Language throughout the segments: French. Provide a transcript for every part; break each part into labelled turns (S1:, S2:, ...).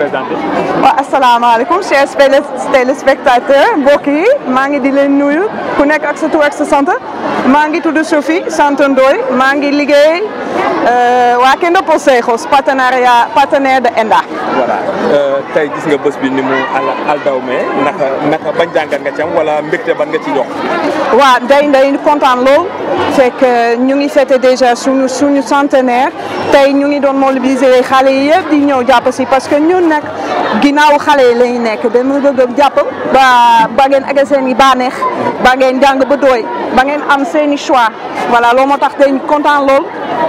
S1: présenté.
S2: waaw asalaamaaleykum chers téléspectateurs mbokk yi maa ngi di leen nuyu ku nekk ak sa tur sa sant maa ngi tudd Sophie sant Ndoye maa ngi liggéey euh, waa Kendo Posejos partenariat partenaire de ENDA.
S1: voilà euh, tey gis nga bés bi ni mu aldawmee naka naka ban jàngat nga ci am wala mbégte ban nga ci jox.
S2: waaw day day kontaan lool fekk euh, ñu ngi fêté déjà suñu suñu centenaire tey ñu ngi doon mobiliser xale yi di ñëw jàpp si nag ginnaaw xale yi lañ nekk dama bëgg a jàpp ba ba ngeen aga seen i bànneex ba ngeen jàng ba doy ba ngeen am seen i choix voilà loolu moo tax dañ kontaan lool.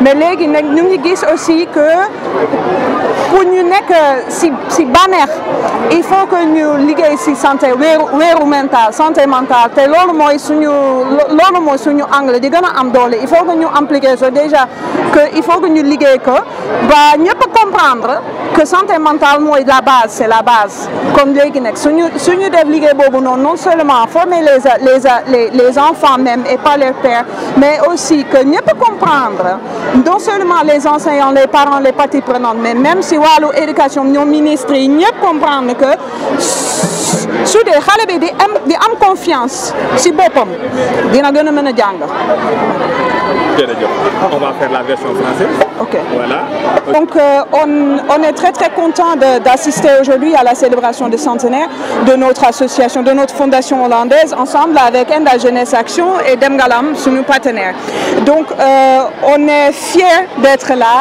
S2: mais les nag ñu ngi gis aussi que pour ñu que si si bànneex il faut que ñu liguer si santé wéeru wéeru mental santé mentale te loolu mooy suñu loolu sur suñu anglais di gën am il faut que ñu impliqué déjà que il faut que ñu liggéey que ba ñëpp comprendre que santé mentale est la base c'est la base comme les nag nous devons non seulement former les les les enfants même et pas leurs pères mais aussi que nous peut comprendre non seulement les enseignants les parents les parties prenantes mais même si nous éducation nous ministres nous comprendre que su des xale confiance si bopam dina
S1: on va faire la version française. ok voilà.
S2: donc euh, on est très très content d'assister aujourd'hui à la célébration du centenaire de notre association de notre fondation hollandaise ensemble avec Enda Jeunesse Action et Demgalam sous nos partenaires. donc euh, on est fiers d'être là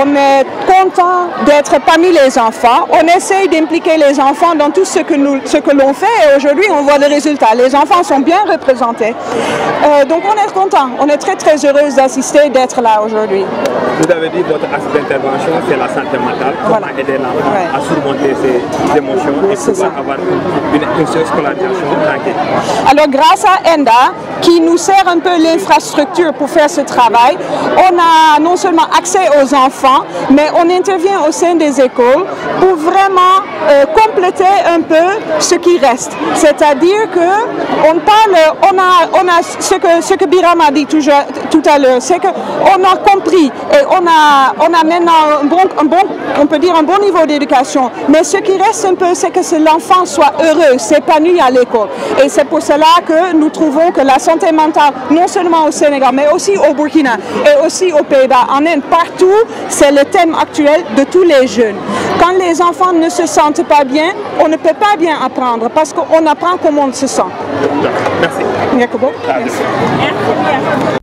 S2: on est content d'être parmi les enfants on essaye d'impliquer les enfants dans tout ce que nous ce que l'on fait et aujourd'hui on voit les résultats. Les enfants sont bien représentés. Euh, donc on est content, on est très très heureux d'assister, d'être là aujourd'hui.
S1: Vous avez dit votre axe d'intervention, c'est la santé mentale, comment aider l'enfant à surmonter ses émotions et pouvoir avoir une, une, une scolarisation tranquille.
S2: Alors grâce à ENDA, qui nous sert un peu l'infrastructure pour faire ce travail. On a non seulement accès aux enfants, mais on intervient au sein des écoles pour vraiment euh, compléter un peu ce qui reste. C'est-à-dire que on parle, on a, on a ce que, ce que Biram a dit tout à l'heure, c'est qu'on a compris on a, maintenant un bon, on peut dire un bon niveau d'éducation. Mais ce qui reste un peu, c'est que l'enfant soit heureux, s'épanouit à l'école. Et c'est pour cela que nous trouvons que la santé mentale, non seulement au Sénégal, mais aussi au Burkina et aussi au Pays-Bas, en Inde, partout, c'est le thème actuel de tous les jeunes. Quand les enfants ne se sentent pas bien, on ne peut pas bien apprendre parce qu'on apprend comment on se sent. Merci. Merci. Ah,